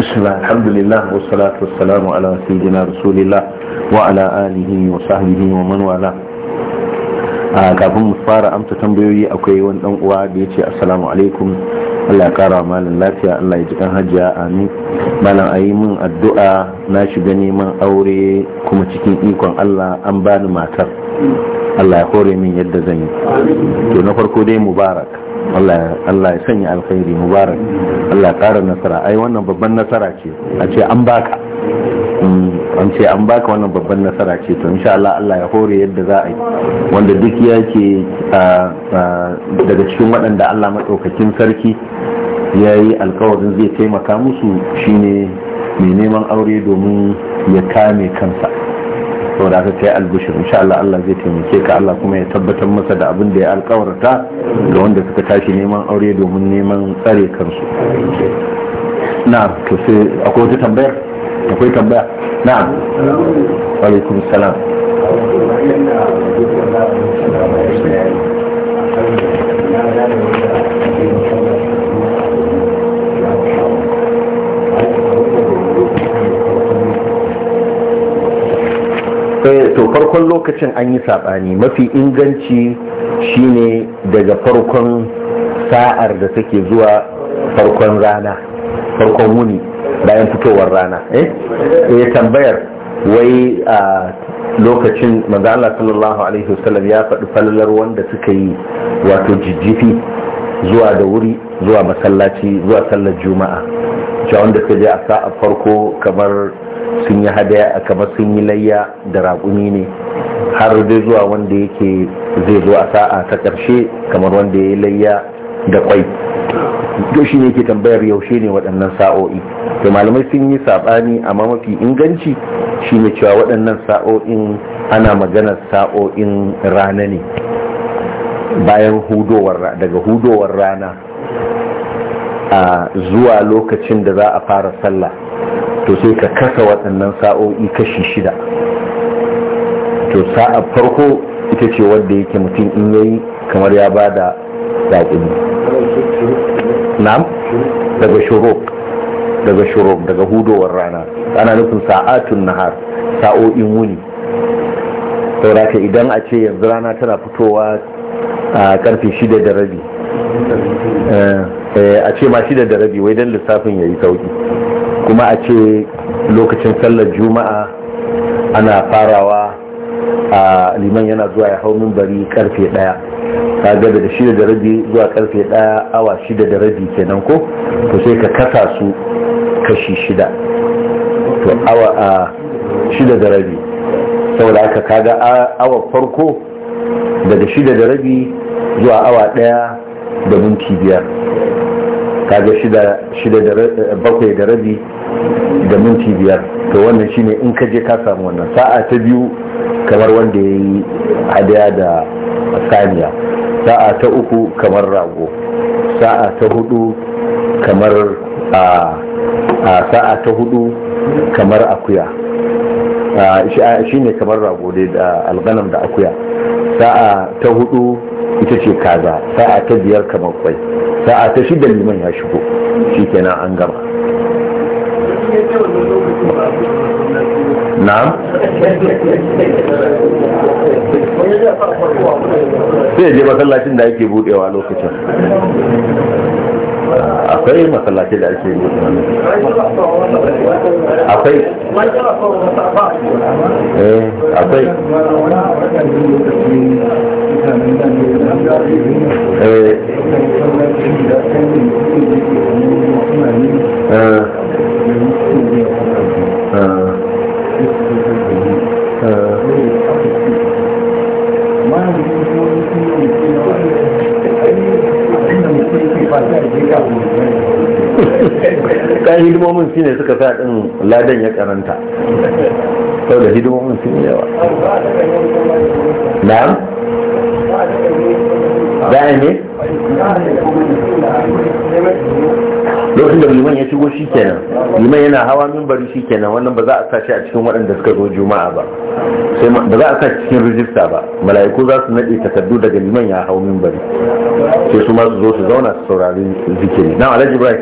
بسم الله الحمد لله والصلاة والسلام على سيدنا رسول الله وعلى آله وصحبه ومن والاه kafin mu fara amsa tambayoyi akwai wani dan uwa da ya ce assalamu alaikum Allah ya kara malam lafiya Allah ya ji kan hajiya amin malam a min addu'a na shiga neman aure kuma cikin ikon Allah an bani matar Allah ya hore min yadda zan yi to na farko dai mubarak Allah ya sanya alkhairi mubarak Allah ƙara nasara ai wannan babban nasara ce a ce an baka mm, an ce an baka wannan babban nasara ce to insha Allah Allah ya hore yadda za a yi wanda duk ya yake daga cikin waɗanda Allah maɗaukakin sarki ya yi alkawarin zai taimaka musu shine mai neman aure domin ya kame kansa saboda haka kai albishir insha Allah Allah zai taimake ka Allah kuma ya tabbatar masa da abin da ya alkawarta ga wanda suka tashi neman aure domin neman tsare kansu na to sai akwai wata tambayar akwai tambaya na. alaikum salam to farkon lokacin an yi saɓani mafi inganci shine daga farkon sa'ar da take zuwa farkon rana farkon wuni bayan fitowar rana eh, eh tambayar wai a lokacin manzo sallallahu alaihi wasallam ya faɗi falalar wanda suka yi wato jijjifi zuwa da wuri zuwa masallaci zuwa sallar juma'a wacce wanda suka je a sa'a farko kamar sun yi hadaya kamar sun yi layya da raƙumi ne har dai zuwa wanda yake zai zo a sa'a ta ƙarshe kamar wanda ya yi layya da kwai to shi ne ke tambayar yaushe ne waɗannan sa'o'i to malamai sun yi saɓani amma mafi inganci shi ne cewa waɗannan sa'o'in ana magana sa'o'in rana ne bayan hudowar daga hudowar rana a zuwa lokacin da za a fara sallah to sai ka kasa waɗannan sa'o'i kashi shida to sa'a farko ita ce wadda yake mutum in yayi kamar ya ba da zaƙini daga shuruk daga shuruk daga hudowar rana ana nufin sa'atun nahar sa'o'in wuni sauraka idan a ce yanzu rana tana fitowa a karfe shida da rabi eh, Eh, a ce ma shida da rabi wai don lissafin ya yi sauki kuma a ce lokacin sallar juma'a ana farawa a liman yana zuwa ya hau bari karfe daya ga da shida da rabi zuwa karfe daya awa shida da rabi kenan ko ku sai ka kasa su kashi shida to awa a shida da rabi saboda aka kaga awa farko daga shida da rabi zuwa awa daya da minti biyar kaga shida da eh, bakwai da rabi da minti biyar to wannan shine in ka je ka samu wannan sa'a ta biyu kamar wanda ya yi hadaya da saniya sa'a ta uku kamar rago sa'a ta hudu kamar a sa'a ta hudu kamar akuya shi ne kamar rago da alganam da akuya sa'a ta hudu ita ce kaza sa'a ta biyar kamar kwai sa'a ta shida liman ya shigo shi kenan an gama na'am sai je masallacin da ake budewa lokacin akwai masallaci da ake yi akwai akwai eh, eh. eh. eh. kan hidimomin su ne suka sa ɗin ladan ya karanta sau da hidimomin su ne yawa na'am za ne lokacin da liman ya shigo shi kenan liman yana hawa mimbari shi kenan wannan ba za a sashi a cikin waɗanda suka zo juma'a ba sai ba za a sashi cikin rijista ba mala'iku za su naɗe takardu daga liman ya hau mimbari sai su ma su zo su zauna su saurari zikiri na alhaji bai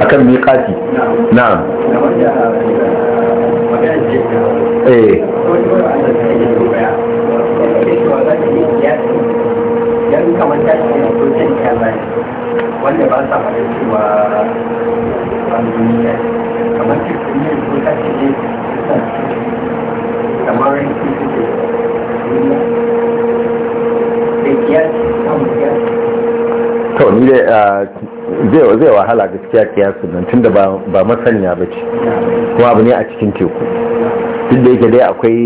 akan miƙati na'am eh kamar wanda ba sa fara cewa pandemiya kamar cikin ko kuka ce ne kamar kirkiriyar da kiyasi samun kiyasi to ni dai zai wahala gaskiya kiyasu nan tunda ba masaniya ba ce kuma abu ne a cikin teku duk da yake dai akwai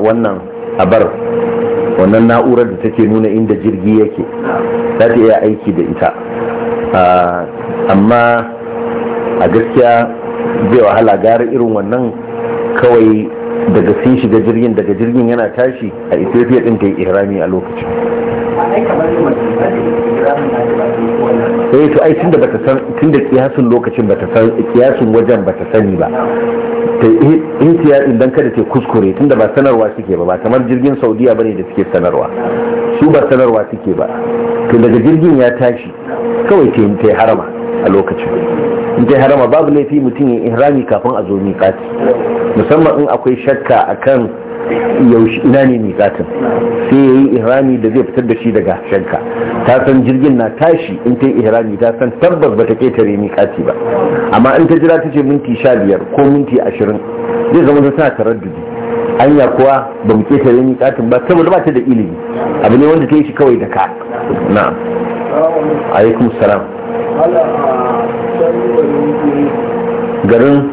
wannan abar wannan na'urar da take nuna inda jirgi yake za ta iya aiki da ita ah, amma a gaskiya zai wahala gara irin wannan kawai daga sun shiga jirgin daga jirgin yana tashi a ethiopia din ta yi ihrami a lokacin eh to ai da bata san da kiyasin lokacin bata san kiyasin wajen bata sani ba ta ihtiya din dan kada ta kuskure tunda ba sanarwa suke ba ba kamar jirgin Saudiya bane da suke sanarwa su ba sanarwa suke ba to daga jirgin ya tashi kawai ta yi harama a lokacin in ta harama babu laifi mutum ya ihrami kafin a zo miƙati musamman in akwai shakka akan yaushe ina ne miƙatin sai ya yi ihrami da zai fitar da shi daga shakka ta san jirgin na tashi in ta yi ihrami ta san tabbas ba ta ƙetare mikati ba amma in ta jira ta ce minti sha biyar ko minti ashirin zai zama ta sa taraddudi anya kuwa ba mu ƙetare miƙatin ba saboda ba ta da ilimi abu ne wanda ta yi shi kawai da ka na'am alaikum salam garin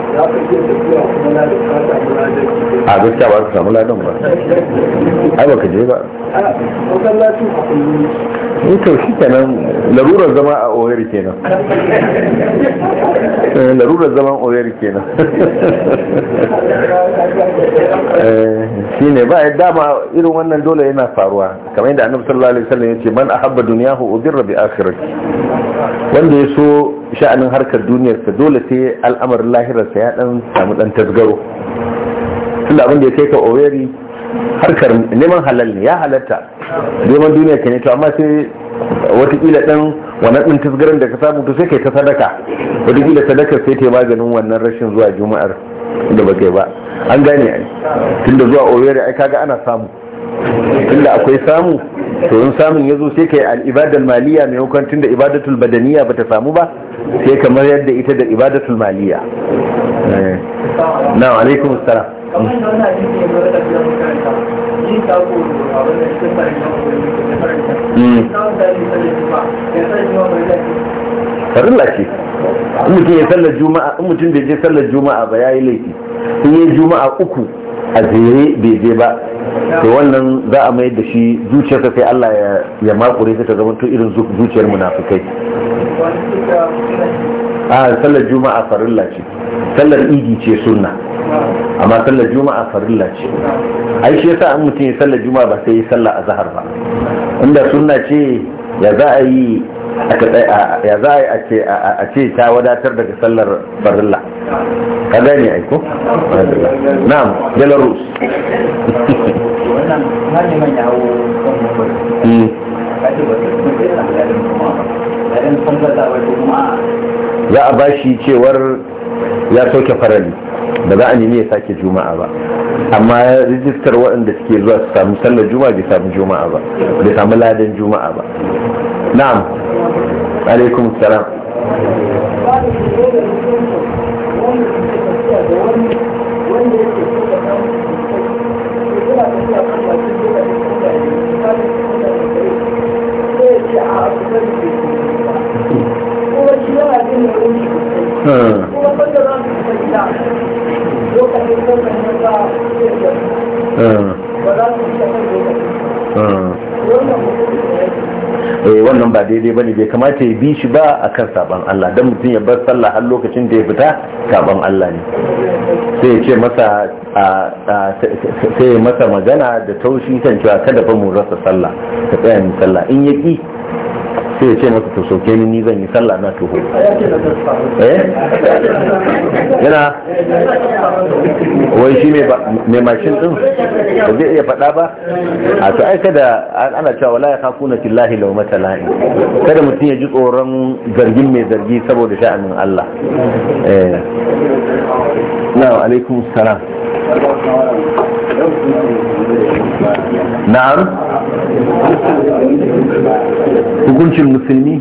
a gaskiya ba ka samu ladan ba ai ba ka je ba ni eh, to shi kenan larurar zama a oyar kenan eh, larurar zaman oyar kenan eh, Shi ne ba yadda ma irin wannan dole yana faruwa kamar yadda annabi sallallahu alaihi wasallam yace man ahabba dunyahu udirra bi akhirati wanda yaso sha'anin harkar duniyarsa dole sai al'amarin lahirarsa ya dan samu dan tasgaro tunda abin da ya kai ka oweri harkar neman halal ne ya halatta neman duniya ka ne to amma sai watakila dan wannan din tasgaran da ka samu to sai kai ta sadaka watakila sadaka sai ta maganin wannan rashin zuwa juma'ar da ba kai ba an gane ai tunda zuwa oweri ai kaga ana samu tunda akwai samu to in samun ya zo sai ka yi al'ibadar maliya mai hukuntun da ibadatul badaniya ba ta samu ba sai kamar yadda ita da ibadatul maliya eh. na alaikum salam hmm. farilla ce in mutum ya sallar juma'a in mutum bai je sallar juma'a ba yayi laifi in yi juma'a uku a zere bai je ba to wannan za a mayar da shi zuciyarka sai Allah ya makure ta zama to irin zuciyar munafikai a sallar juma'a farilla ce sallar idi ce sunna amma sallar juma'a farilla ce ai shi yasa an mutum ya sallar juma'a ba sai ya sallar azhar ba inda sunna ce ya za a yi ya za a ce ta wadatar daga sallar farilla ka gane aiko? na'am belarus nan har ne man kan mutum hmm. kace ba su ne da halin kuma halin kuma da wai kuma za a bashi cewar ya sauke farali ba za a nemi ya sake juma'a ba amma ya rijistar waɗanda suke zuwa su samu sallar juma'a bai samu juma'a ba bai samu ladan juma'a ba na'am alaikum salam Eh, eh. eh wannan ba daidai ne bai kamata ya bi shi ba akan saban Allah dan mutum ya bar sallah har lokacin da ya fita saban Allah ne sai ya ce masa sai ya masa magana da taushi kan cewa kada fa mu rasa sallah ka tsaya mu sallah in ya sai ya ce masa to sauke ni zan yi sallah na tuho eh yana wai shi mai mashin din ba zai iya faɗa ba a to aika da ana cewa wala ya na tillahi law matalahi kada mutum ya ji tsoron zargin mai zargi saboda sha'anin Allah eh na alaikum salam na'am hukuncin musulmi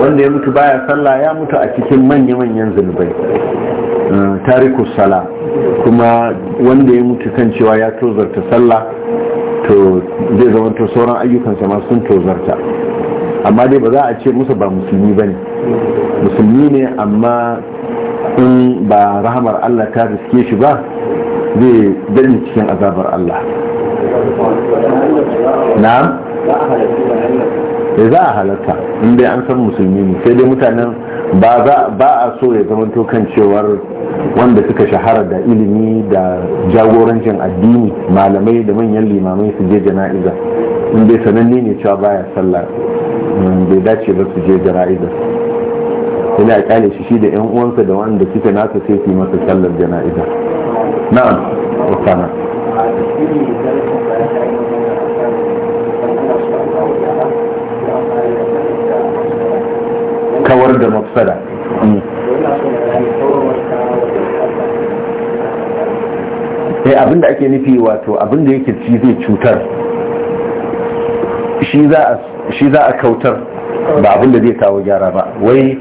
wanda ya mutu baya sallah ya mutu a cikin manya-manyan zunubai uh, tariku sala kuma wanda ya mutu kan cewa ya tozarta sallah to zai zama to sauran ayyukan ma sun tozarta amma dai ba za a ce musu ba musulmi ba ne musulmi ne amma in ba rahamar allah ta riske shi ba zai dani cikin azabar allah na eh, za a halatta in dai an san musulmi ne sai dai mutanen ba a so ya zama kan cewar wanda suka shahara da ilimi da jagorancin addini malamai da manyan limamai su je jana'iza in dai sananne ne cewa baya sallah mm, bai dace ba su je jana'iza sai a kyale shi shi da yan uwansa da wanda suka nasa sai su yi masa sallar jana'iza na'am wakana haifar da mafsada sai abin da ake nufi wato abin da yake ci zai cutar shi za a kautar ba abin da zai kawo gyara ba wai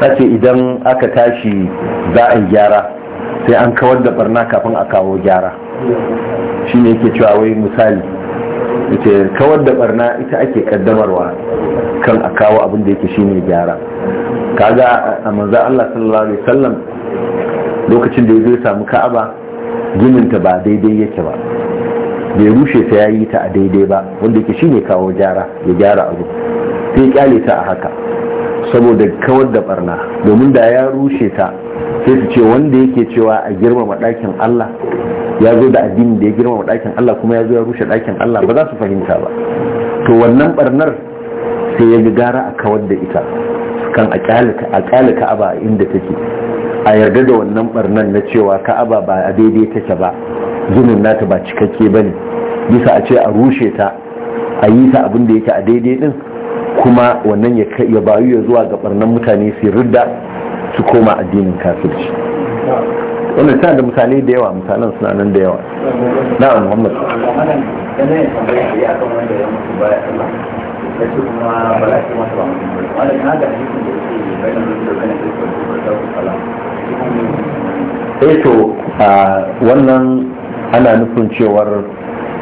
sace idan aka tashi za a gyara sai an kawar da barna kafin a kawo gyara shi ne yake cewa wai misali ita kawar da barna ita ake kaddamarwa kan a kawo abin da yake ne gyara kaga a manza Allah sallallahu alaihi wasallam lokacin da ya zo samu ka'aba ginin ta ba daidai yake ba bai rushe ta yayi ta a daidai ba wanda yake shine kawo gyara ya gyara abu sai kyale ta a haka saboda kawar da barna domin da ya rushe ta sai su ce wanda yake cewa a girmama ɗakin Allah ya zo da addini da ya girmama ɗakin Allah kuma ya zo ya rushe ɗakin Allah ba za su fahimta ba to wannan barnar sai ya gara a kawar da ita kan a kyale ka'aba inda take a yarda da wannan barnan na cewa ka'aba ba a daidai take ba zunin nata ba cikakke ba ne bisa a ce a rushe ta a yi ta abin da yake a daidai din kuma wannan ya bayu ya zuwa ga barnan mutane su ridda su koma addinin kafirci wannan tana da mutane da yawa mutanen suna nan da yawa na'am muhammad eto eh a wannan ana nufin cewar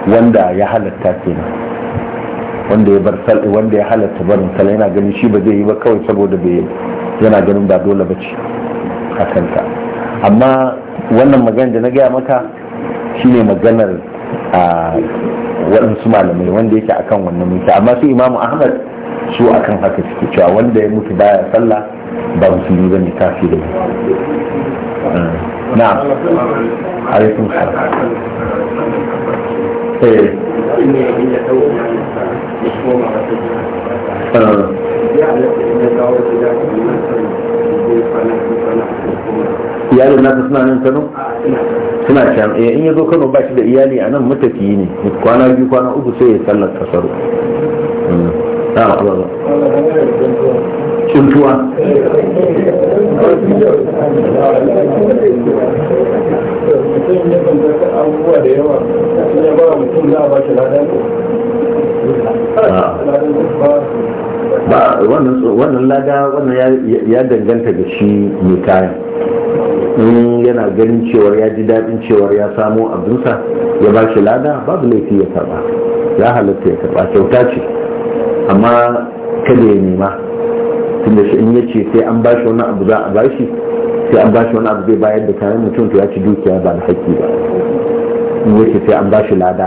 wanda ya halatta kenan wanda ya bar wanda ya halatta barin yana ganin shi ba zai yi ba kawai saboda bai yana ganin ba dole ba ce a kanta amma wannan magana da na gaya maka shine maganar a waɗansu malamai wanda yake akan wannan mutu amma su imamu ahmad su akan haka suke cewa wanda ya mutu baya sallah ba musulmi zane kafi da yi na alaikun salam da eh. na suna nan kano suna can eh in ya zo kano ba shi da iyali a nan matafiyi ne kwana biyu kwana uku sai ya sallar kasar cintuwa hmm. ba ah. wannan lada wannan ya danganta da shi mai kayan in yana ganin cewar ya ji daɗin cewar ya samo abinsa ya ba shi lada babu laifi ya karba ya halatta ya karɓa kyauta ce amma kada ya nema tunda shi in ya ce sai an ba shi wani abu za a ba shi sai an ba shi wani abu zai bayar da kayan mutum to ya ci dukiya ba da haƙƙi ba in ya ce sai an ba shi lada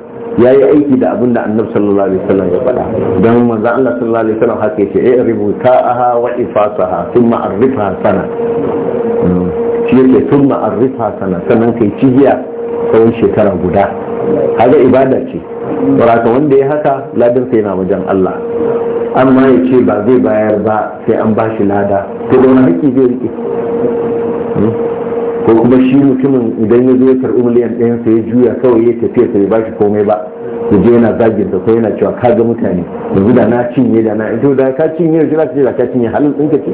ya yi aiki da abin da annabi sallallahu alaihi wasallam ya faɗa don manzo Allah sallallahu alaihi wasallam hake ce eh rubuta aha wa ifasaha thumma arifa sana hmm. shi yake thumma arifa sana sannan kai cihiya tsawon shekara guda haka ibada ce saboda wanda ya haka ladin sai na wajen Allah amma ya ce ba zai bayar ba sai an bashi lada to da wani zai rike hmm. ko kuma shi mutumin idan ya zo ya karɓi miliyan ɗayan sai ya juya kawai ya tafiya sai ba shi komai ba da je yana zagin ta ko yana cewa ka ga mutane yanzu da na cinye da na ito da ka cinye yanzu za ka ce da ka cinye halin ɗinka ce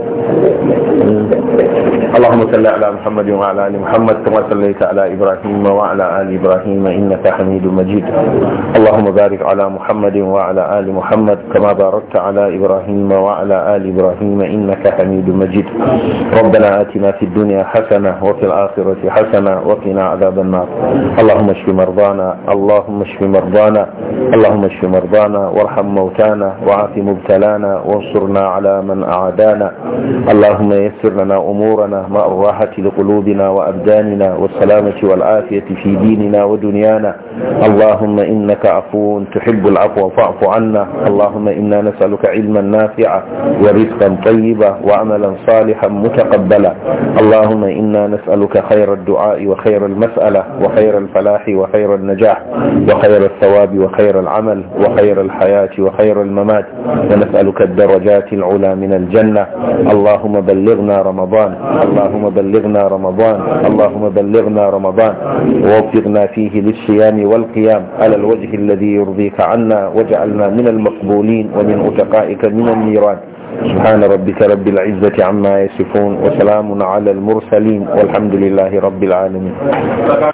اللهم صل على محمد وعلى ال محمد كما صليت على ابراهيم وعلى ال ابراهيم انك حميد مجيد اللهم بارك على محمد وعلى ال محمد كما باركت على ابراهيم وعلى ال ابراهيم انك حميد مجيد ربنا اتنا في الدنيا حسنه وفي الاخره حسنه وقنا عذاب النار اللهم اشف مرضانا اللهم اشف مرضانا اللهم اشف مرضانا وارحم موتانا وعاف مبتلانا وانصرنا على من أعادانا اللهم يسر لنا أمورنا ماء الراحة لقلوبنا وأبداننا والسلامة والعافية في ديننا ودنيانا اللهم إنك عفو تحب العفو فاعف عنا اللهم إنا نسألك علما نافعا ورزقا طيبا وعملا صالحا متقبلا اللهم إنا نسألك خير الدعاء وخير المسألة وخير الفلاح وخير النجاح وخير الثواب الثواب وخير العمل وخير الحياة وخير الممات ونسألك الدرجات العلى من الجنة اللهم بلغنا رمضان اللهم بلغنا رمضان اللهم بلغنا رمضان ووفقنا فيه للصيام والقيام على الوجه الذي يرضيك عنا واجعلنا من المقبولين ومن أتقائك من النيران سبحان ربك رب العزة عما يصفون وسلام على المرسلين والحمد لله رب العالمين